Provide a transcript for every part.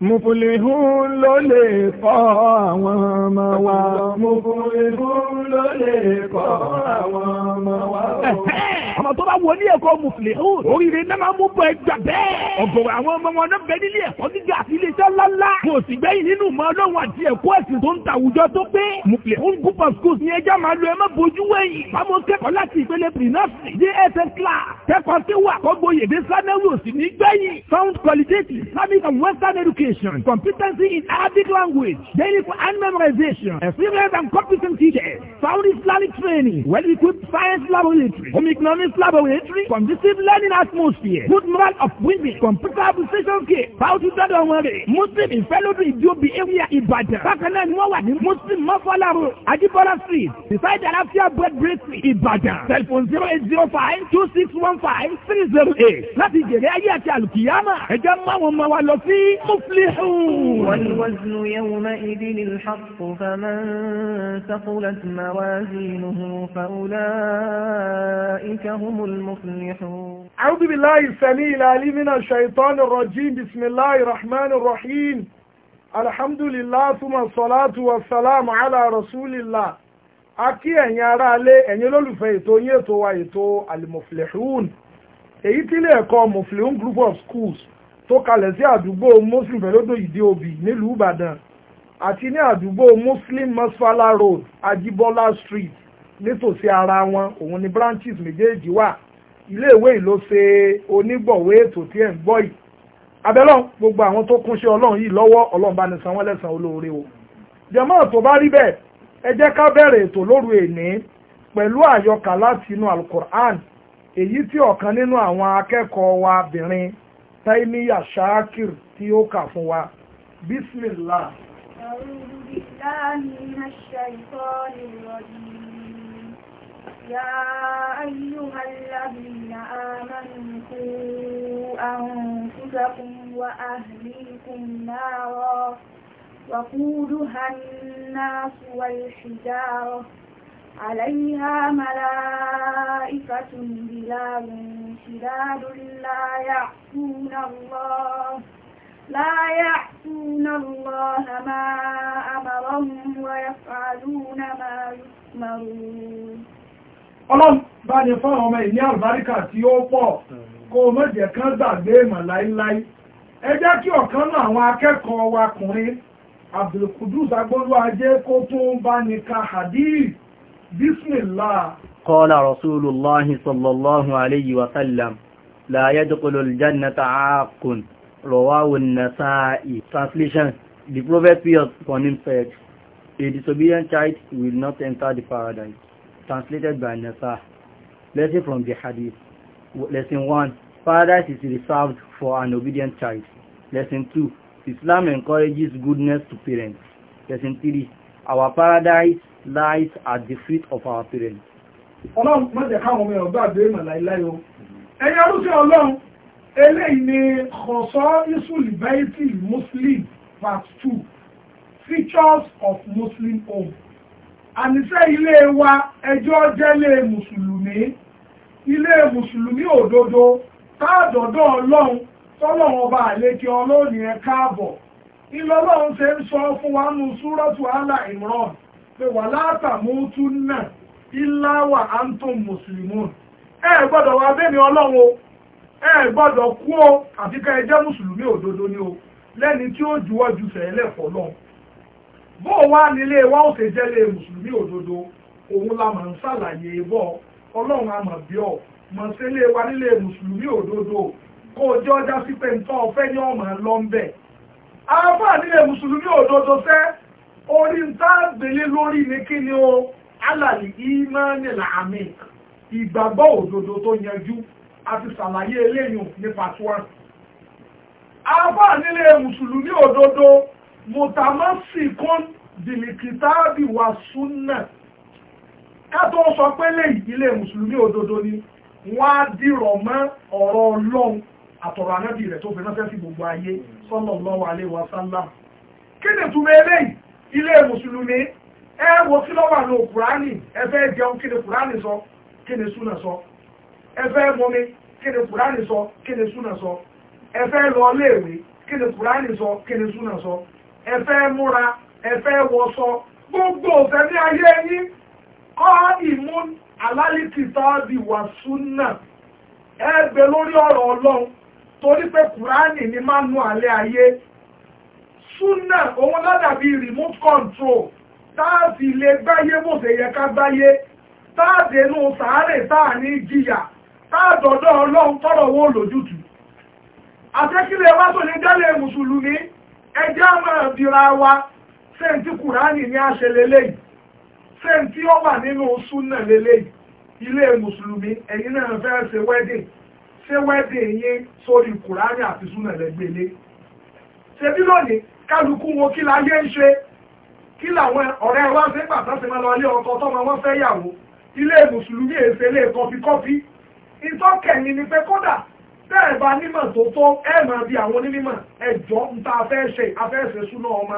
Mùfúlihún ló lè kọ́ àwọn ọmọ wa. Mùfúlihún ló lè kọ́ àwọn ọmọ wa. Ọmọ tó bá wọ ní ẹ̀kọ́ mùfúlihún. Oríire náà máa mú bọ ẹgbà bẹ́ẹ̀. Ọ̀gọ̀rọ̀ àwọn ọmọ wọn náà bẹ nílé ẹ̀kọ́ gíga àti iléeṣẹ́ ńláńlá. Mo sì gbẹ́yìn nínú ìmọ̀ ọlọ́run àti ẹ̀kọ́ ẹ̀sìn tó ń ta àwùjọ tó pé. Mùfúlihún group of schools ni ẹja máa lo ẹ má bojú wẹ̀yìn. Bámo kẹ́kọ̀ọ́ láti ìpele pre-nursery, DSS kan tí wà kó gboyè dé sanẹ́wì òsì ní gbẹ̀yìn. sound qualitative Islamic and Western education competency in Arabic language daily Quran memorization experience and competent teachers sound Islamic training well-equipped science laboratory home economics laboratory conducive learning atmosphere good moral of women computer application care báwo ti dọ́dọ̀ wọn rè Muslim ìfẹ́lódún ìdíò bíi area Ìbàdàn bákan náà ni wọ́n wà ní Muslim mọ́fọ́lárò Ajibola street beside Alafia bread bakery Ìbàdàn telephone zero eight zero five two six one five. five three zero eight láti jèrè ayé àti àlùkìyámà ẹ jẹ́ mú àwọn ọmọ والوزن يومئذ الحق فمن ثقلت موازينه فأولئك هم المفلحون أعوذ بالله السميع العليم من الشيطان الرجيم بسم الله الرحمن الرحيم الحمد لله ثم الصلاة والسلام على رسول الله a kí ẹ̀yin aráalé ẹ̀yin olólùfẹ́ ètò yín ètò wa ètò èyí tí ilé ẹ̀kọ́ mufleon group of schools tó kalẹ̀ sí àdúgbò muslim velodo ìdí òbí nílùú ìbàdàn àti ní àdúgbò muslim masfala road ajibola street nítòsí ara wọn òun ni branches méjèèjì wà iléèwé yìí ló ṣe onígbọ̀wé ètò tí ẹ̀ ń gbọ́ yìí abẹ́lọ́ gbogbo àwọn tó kúnṣẹ́ ọlọ́run yìí lọ́wọ́ ọlọ́run bá ní san wọ́n lẹ́san olóore o jàmáà tó bá rí bẹ́ẹ̀ ẹ jẹ́ ká bẹ̀rẹ̀ ètò lóru èní pẹ̀lú àyọkà láti inú alukur'an èyí tí ọ̀kan nínú àwọn akẹ́kọ̀ọ́ wa bìnrin taimiya shakir tí ó kà fún wa bismillah. أعوذ بالله من الشيطان الرجيم يا أيها الذين آمنوا قوا أنفسكم وأهليكم نارا وقودها الناس والحجارة عليها ملائكة بلال شداد لا يعصون الله لا يعصون الله ما أمرهم ويفعلون ما يؤمرون ọlọ́run bá ní fáwọn ọmọ ìní àlùbáríkà tí ó pọ̀ kó o má jẹ́ kán gbàgbé ìmọ̀ láíláí ẹ jẹ́ kí ọ̀kan náà àwọn akẹ́kọ̀ọ́ wa Abdulkudus agbóluwájé kó tún bá ní ka hadith bismillah قال رسول الله صلى الله عليه وسلم لا يدخل الجنة عاق رواه النسائي Translation The prophet peace upon him said, A disobedient child will not enter the paradise. Translated by Nasa. Lesson from the Hadith. Lesson 1. Paradise is reserved for an obedient child. Lesson 2. Islam encourages goodness to parents. Lesson 3 our paradise lies at the feet of our parents. ọlọ́run mọ́jẹ̀ káwọn ọmọ ẹ̀rọ gbàgbé ìmọ̀lá iláyé o ẹ̀yin arúgbó ọlọ́run eléyìí ni kọ̀sọ́ isuli baiti muslim part two features of muslim home àníṣe ilé wa ẹjọ́ jẹ́lé mùsùlùmí ilé mùsùlùmí òdodo táàdọ̀dọ̀ ọlọ́run tọ́lọ́run ọba àlejò ọlọ́run yẹn káàbọ̀ ìlọ́lọ́run ṣe ń sọ fún wa nù súrọ́tù àlà ìmọ̀ràn pé wà náà ìláwà antum muslimun ẹ gbọ́dọ̀ wá bẹ́ẹ̀ ni ọlọ́run ẹ gbọ́dọ̀ kú àti ká ẹ jẹ́ mùsùlùmí ni o lẹ́ni tí ó juwọ́ ju sẹ́lẹ̀ bó wá nílé wa ó ṣe mùsùlùmí òdodo òun la ń ṣàlàyé bọ́ ọlọ́run àmọ̀ bí ọ o àáfàá nílẹ̀ mùsùlùmí òdodo fẹ́ orí ń tá gbélé lórí ní kí ni o alàlì ìmánì làmì ìgbàgbọ́ òdodo tó yanjú àti ṣàlàyé eléyìn nípa tuwọ́n àáfàá nílẹ̀ mùsùlùmí òdodo mùtàmásìkún bìlìkìtàbí wà súnà kátó sọ pé lè ìdílé mùsùlùmí òdodo ni wọ́n á dìrọ̀ mọ́ ọ̀rọ̀ ọlọ́run àtọ̀rọ̀ ànábì rẹ̀ tó fi ránṣẹ́ sí gbogbo ayé sallallahu alaihi wasallam kí ni túnmọ̀ eléyìí ilé mùsùlùmí ẹ wo kí ló wà ní kùránì ẹ fẹ́ jẹun kí ni kùránì sọ kí ni súnà sọ ẹ fẹ́ mọmi kí ni kùránì sọ kí ni súnà sọ ẹ fẹ́ lọ léèwé kí ni kùránì sọ kí ni súnà sọ ẹ fẹ́ múra ẹ fẹ́ wọṣọ gbogbo ọ̀fẹ́ ní ayé yín kọ́ ìmú alálìkìtà bí wà súnà ẹ lórí ọ̀rọ̀ ọlọ́run torí pé kùránì ni máa nu àlẹ́ ayé súnà òun ládàbí remote control táàfì ilé gbáyé bó ṣe yẹ ká gbáyé táàdénú sàárè táà ní jìyà táàdọ̀dọ̀ ọlọ́run tọ́rọ̀ wó lójútù àtẹ́kílẹ̀ wá tó ní dálẹ̀ mùsùlùmí ẹjẹ́ àmọ́ ìbíra wa sẹ́ǹtì kùránì ní àṣẹ lélẹ́yìí sẹ́ǹtì ó wà nínú súnà lélẹ́yìí ilé mùsùlùmí ẹ̀yin náà fẹ́ ṣe wedding ṣé wẹ́dẹ̀ yín sórí kùránì àti súnà lẹ́gbẹ̀lé ṣebí lónìí kálukú wo kí láyé ń ṣe kí làwọn ọ̀rẹ́ wa ṣe pàtó ṣe máa lọ ilé ọkọ tọ́mọ wọn fẹ́ yàwó ilé mùsùlùmí èsè ilé kọfíkọfí ìtọ́kẹ̀yìn ni pé kódà bẹ́ẹ̀ bá nímọ̀ tó tó ẹ̀ máa bí àwọn onímọ̀ ẹ̀jọ́ ń ta afẹ́ ṣe afẹ́ ṣe súnà ọmọ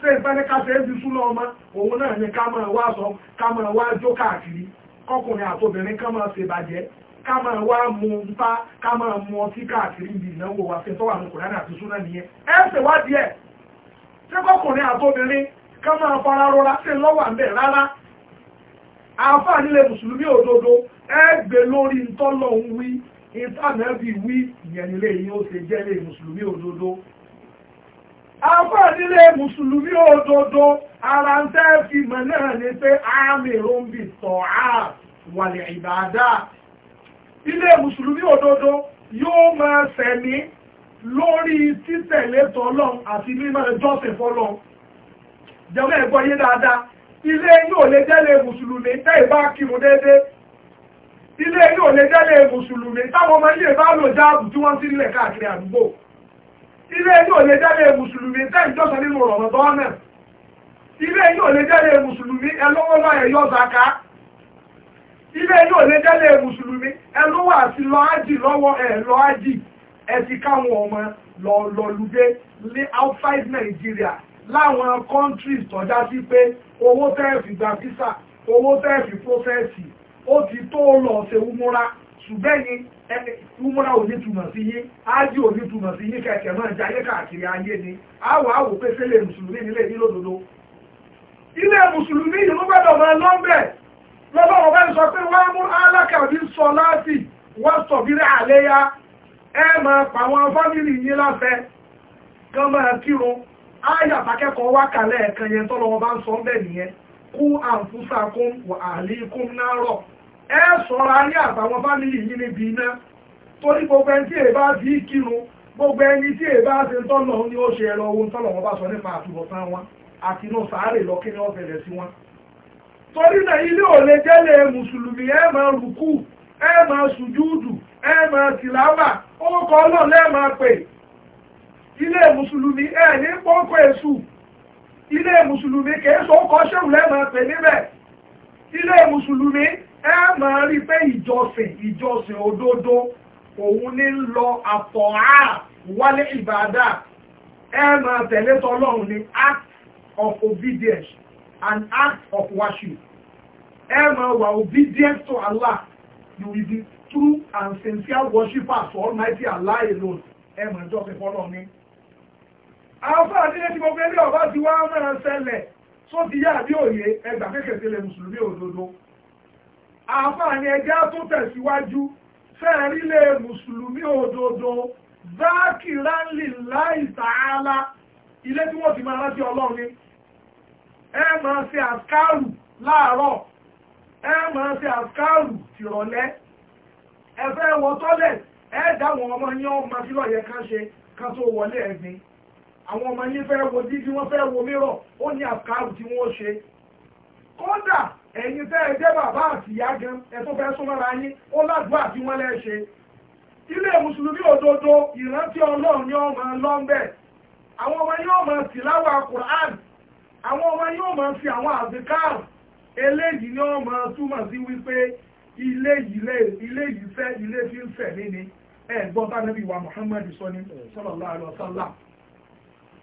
ṣé ìfẹ́ ní ká súnà ọmọ òun náà ni ká máa wá sọ ká máa wá jó káàkiri kọkùnrin àtobìnrin ká máa ṣèbàjẹ́ ká máa wá mu bá ká máa mu ọtí káàkiri ibi ìnáwó wa fẹ́ tọ́wà ní kòránà àti súnà nìyẹn ẹ ṣe wá díẹ̀ ṣé kọkùnrin àtobìnrin ká máa fara rọra ṣe lọ́wà ń bẹ̀ rárá àáfàá nílẹ̀ mùsùlùmí òdodo ẹ gbé lórí ntọ́lọ̀ ń wí ìtànẹ́bì wí ìyẹn nílé yìí ó ṣe jẹ́ lè mùsùlùmí òdodo afọ́ nílé mùsùlùmí òdodo ara ń tẹ́ fi mọ̀ náà ni pé ilé musulumi ododo yóò máa sẹ̀mí lórí títẹ̀lé tọ́lọ́n àti mímọ́ ẹjọ́sìn fọ́lọ́n jẹ́mọ́ ẹ̀gbọ́n yé dáadáa ilé yóò lè jẹ́lé mùsùlùmí tẹ́ ìbá kírun déédéé ilé yóò lè jẹ́lé mùsùlùmí táwọn ọmọ ilé bá lò jáàbù tí wọ́n ti ń káàkiri àdúgbò ilé yóò lè jẹ́lé mùsùlùmí tẹ́ ìjọsìn nínú Ramadan náà ilé yóò lè jẹ́lé mùsùlùmí ẹlọ́wọ́lọ́ ẹ̀yọ́ zaka ilé inú òní jẹ́lẹ̀ mùsùlùmí ẹnu wà sí lọ ájì lọ́wọ́ ẹ̀ lọ ájì ẹ ti káwọn ọmọ lọ ní outside Nigeria láwọn countries tọ́já sí pé owó tẹ́ẹ̀fì gba visa owó tẹ́ẹ̀fì prọ́fẹ́sì ó ti tó lọ ṣe umura ṣùgbẹ́yìn umura ò ní túmọ̀ sí yín ájì ò ní túmọ̀ sí yín kẹ̀kẹ́ náà jayé káàkiri ayé ni àwọ̀ àwò pé sílẹ̀ mùsùlùmí nílé nílòdòdó ilé mùsùlùmí yìí ló gbọ́dọ̀ máa lọ́ńbẹ̀ẹ́ sọ pé wọ́n mú alákàbí sọ láti wọ́n sọ̀bírẹ̀ àléyá ẹ m'a pa àwọn fámìlì yín láfẹ́ kán máa kírun áyà takẹ́kọ̀ọ́ wá kalẹ̀ ẹ̀kan yẹn tọ́lọ wọn bá ń sọ bẹ́ẹ̀ nìyẹn kú àǹfúsàkún wà àlékún nárọ̀ ẹ sọ̀rọ̀ ayé àtàwọn fámìlì yín níbi iná torí gbogbo ẹni tí èèbá fi kírun gbogbo ẹni tí èèbá ṣe ń tọ́lọ̀ ni ó ṣe ẹ̀rọ ohun tọ́lọ̀ wọn bá sọ nípa àtúbọ̀tán wọn àti inú sàárè lọ kí ni wọ́n fẹ̀rẹ̀ sí wọn torí náà ilé ò lè jẹ́lẹ̀ mùsùlùmí ẹ máa rùkú ẹ máa sùjúùdù ẹ máa tìlábà orúkọ ọlọ́run lẹ́ẹ̀ máa pè ilé mùsùlùmí ẹ ní pọ́ńpọ́ èṣù ilé mùsùlùmí kìí sọ ọkọ̀ ṣéhùn lẹ́ẹ̀ máa pè níbẹ̀ ilé mùsùlùmí ẹ máa rí pé ìjọsìn ìjọsìn òdodo òun ní lọ àtọ̀ á wálé ìbàdà ẹ máa tẹ̀lé tọ́lọ́run ní act of obedience an act of worship. Emma, máa wà obedient to Allah. You will be true and sincere worshippers to Almighty Allah alone. Ẹ máa jọ́ fẹ́ fọ́lọ́ ní. Àwọn fún àdílé tí gbogbo ẹgbẹ́ ọba ti wá máa ṣẹlẹ̀ tó ti yá àbí òye ẹgbà kékeré lè Mùsùlùmí òdodo. Àfààní ẹja tó tẹ̀síwájú fẹ́ẹ̀rí lè Mùsùlùmí òdodo. Zákìrá ń lè láì tààlà. Ilé tí wọ́n ti máa rántí Ọlọ́run E ma ṣe láàárọ̀ E ma ṣe àkárù tìrọ̀lẹ́ ẹ wọ tọ́lẹ̀ ẹ dáwọn ọmọ ọmọ tí lọ́yẹ ká ṣe ká tó wọlé àwọn ọmọ yín fẹ́ wo dídí fẹ́ wo mírọ̀ ó ní tí wọ́n ṣe kódà ẹ̀yin fẹ́ ẹ bàbá àti ìyá gan ẹ fẹ́ sún mọ́ra yín ó ládùúgbò wọ́n ilé mùsùlùmí ni ọmọ lọ́ńbẹ̀ àwọn ọmọ yín àwọn ọmọ yóò máa fi àwọn àbíkáàrù eléyìí ni wọ́n máa túmọ̀ sí wípé ilé yìí fẹ́ ilé fi ń fẹ̀ mí ni ẹ̀gbọ́n bá nàbí wa Muhammad sọ ní sallallahu alaihi wasallam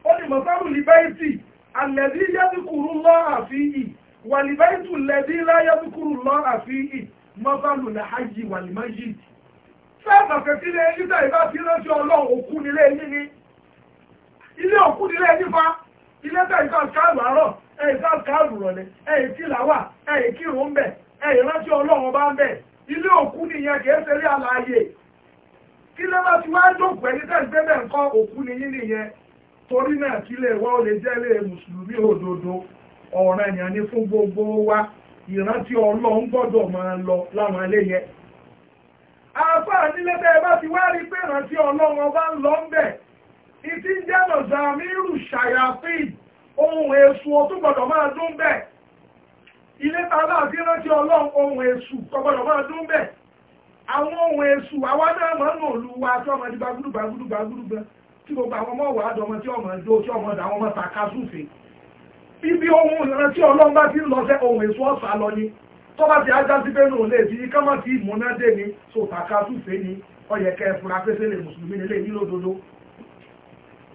ó ní mọ̀sálù libẹ́ẹ̀tì alẹ́bí yẹ́dúkúrú lọ́ àfihì wà libẹ́ẹ̀tù lẹ́bí láyẹ́dúkúrú lọ́ àfihì mọ́sálù làhájì wà lìmájì fẹ́ẹ̀fà kẹsí ilé yín tẹ̀ ìbá ti rántí ọlọ́run òkú nílé yín ni ilé òkú nílé ilé tẹ̀ nǹkan káàrù àárọ̀ ẹ̀yìn kan káàrù rọ̀lẹ́ ẹ̀yìn tìlàwà ẹ̀yìn kírun bẹ̀ ẹ̀yìn rántí ọlọ́run bá ń bẹ̀ ilé òkú nìyẹn kìí àlàyé ti wá jókòó ẹni tẹ̀ ń gbé nǹkan òkú nìyẹn torí náà kí lè wá ó lè jẹ́ gbogbo wa ìrántí ọlọ́run gbọ́dọ̀ lọ láwọn ilé yẹn àfáà ti wá rí pé ìrántí ọba ń lọ ìtí jẹ́ lọ̀zàmírù ṣàyàfíì ohun èṣù ọtún gbọ́dọ̀ máa dún bẹ́ẹ̀ ilé tààlà àti rántí ọlọ́run ohun èṣù tọgbọ́dọ̀ máa dún bẹ́ẹ̀ àwọn ohun èṣù àwa náà máa ń nà òlu wa tí ọmọ di gbagúdú gbagúdú gbagúdú gan tí gbogbo àwọn ọmọ wà dọmọ tí ọmọ jó tí ọmọ dà àwọn ọmọ tàka súfè ibi ohun ìrántí ọlọ́run bá ti ń lọ sẹ́ ohun èṣù ọ̀sà lọ ni tó bá ti ajá sí pé náà lè ti ká má ti múnádé ni so tàka súfè ni ọyẹ̀kẹ́ fura pé sẹ́lẹ̀ mùsùlùmí nílé nílòdodo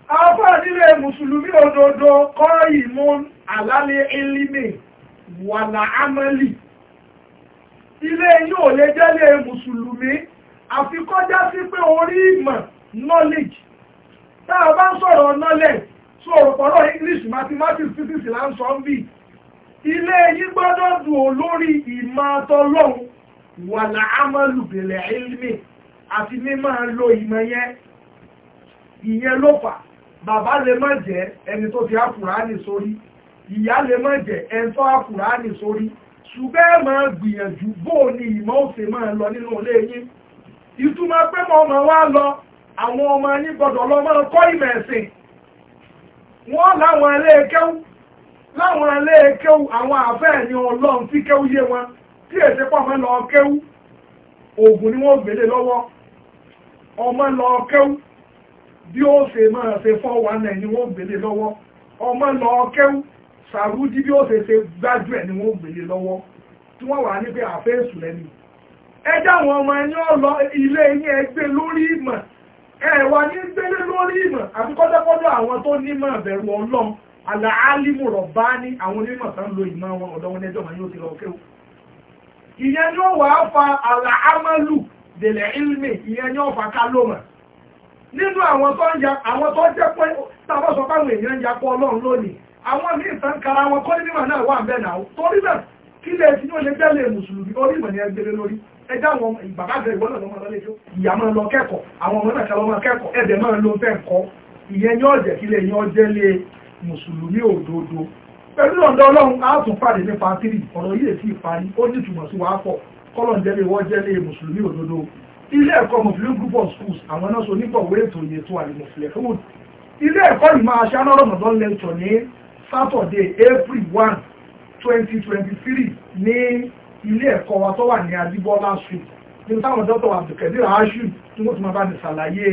afá nílé mùsùlùmí òdodo kọ́ ìmún àlálẹ́ ilimi wàlà amẹ́lì ilé yóò lè jẹ́lé mùsùlùmí àfi kọjá sí pé orí ìmọ̀ knowledge tá a bá ń sọ̀rọ̀ knowledge tó òròpọ̀lọ́ English mathematics physics là ń sọ ń bì ilé yìí gbọ́dọ̀ dùn lórí ìmọ̀ àtọ́lọ́hun wàlà amẹ́lù bẹ̀rẹ̀ ilimi àti mímọ́ lo ìmọ̀ yẹn ìyẹn bàbá lè má jẹ́ ẹni tó fi àkùránì sórí ìyá lè má jẹ́ ẹni tó àkùránì sórí ṣùgbọ́n ẹ máa gbìyànjú bóò ni ìmọ̀ òsè máa lọ nínú ilé yín ìtumọ̀ pé mo máa wá lọ àwọn ọmọ yín gbọ́dọ̀ lọ máa kọ́ ìmọ̀ ẹ̀sìn wọ́n láwọn ilé kéwú láwọn ilé kéwú àwọn àfẹ́ ẹ̀yìn ọlọ́run tí kéwú yé wọn tí èsì pọ̀ mọ́ lọ kéwú oògùn ni wọ́n gbélé lọ́wọ́ ọmọ lọ kéwú bí ó ṣe máa ṣe 419 ni wọ́n gbélé lọ́wọ́ ọmọ lọ kẹ́wù sàrúdí bí ó ṣe ṣe gbájú ẹ̀ ni wọ́n gbélé lọ́wọ́ tí wọ́n wà ní pé àfẹ́sù lẹ́nu ẹjá àwọn ọmọ ẹni ọlọ ilé yín ẹgbẹ́ lórí ìmọ̀ ẹ̀wà ní gbélé lórí ìmọ̀ àti kọ́dọ́kọ́dọ́ àwọn tó nímọ̀ bẹ̀rù ọlọ́run àlàálìmù rọ̀bá ní àwọn onímọ̀ tán lo ìmọ̀ wọn ọ̀dọ́ wọn ẹjọ́ màá yóò ti lọ kéwù ìyẹn ni ó wàá fa àlàámálù dèlè ilmi ìyẹn ni ó fa kálọ́mọ̀ nínú àwọn tó ń ya àwọn tó jẹ́ pé tàbá sọ páwọn èèyàn ń yapọ̀ ọlọ́run lónìí àwọn míì tán kara wọn kọ́ ní mímọ̀ náà wà bẹ́ẹ̀ náà torí náà kí lè ti yóò lè jẹ́lẹ̀ mùsùlùmí orí ìmọ̀ ní ẹgbẹ́lẹ́ lórí ẹjá àwọn ìbàbá bẹ̀rẹ̀ ìwọ́n náà lọ́mọ lọ kẹ́kọ̀ọ́ àwọn ọmọ náà kẹ́lọ́mọ lọ ilé ẹ̀kọ́ mọ̀fìlú group of schools àwọn náà so nípọ̀wé ètò iye tó àlùmọ̀ fìlẹ̀kùn ilé ẹ̀kọ́ ìmọ̀ aṣáná rọ̀mọ̀dán lecture ní Saturday April one twenty twenty three ní ilé ẹ̀kọ́ wa tó wà ní Adébọ́lá street ní táwọn dọ́tọ̀ Abdulkadir aṣù tí wọ́n ti máa bá ní ṣàlàyé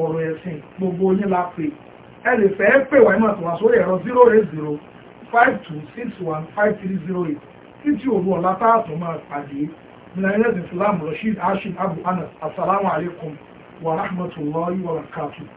ọ̀rọ̀ ẹ̀sìn gbogbo yín la pè ẹ lè fẹ́ pè wá ìmọ̀ tó wá sórí ẹ̀rọ zero eight zero five two six one five three zero eight títí òru ọ̀la táàtò máa pàdé Nigeria's Islam Rashid Ashim Abu Anas. Assalamu alaikum wa rahmatullahi wa barakatuh.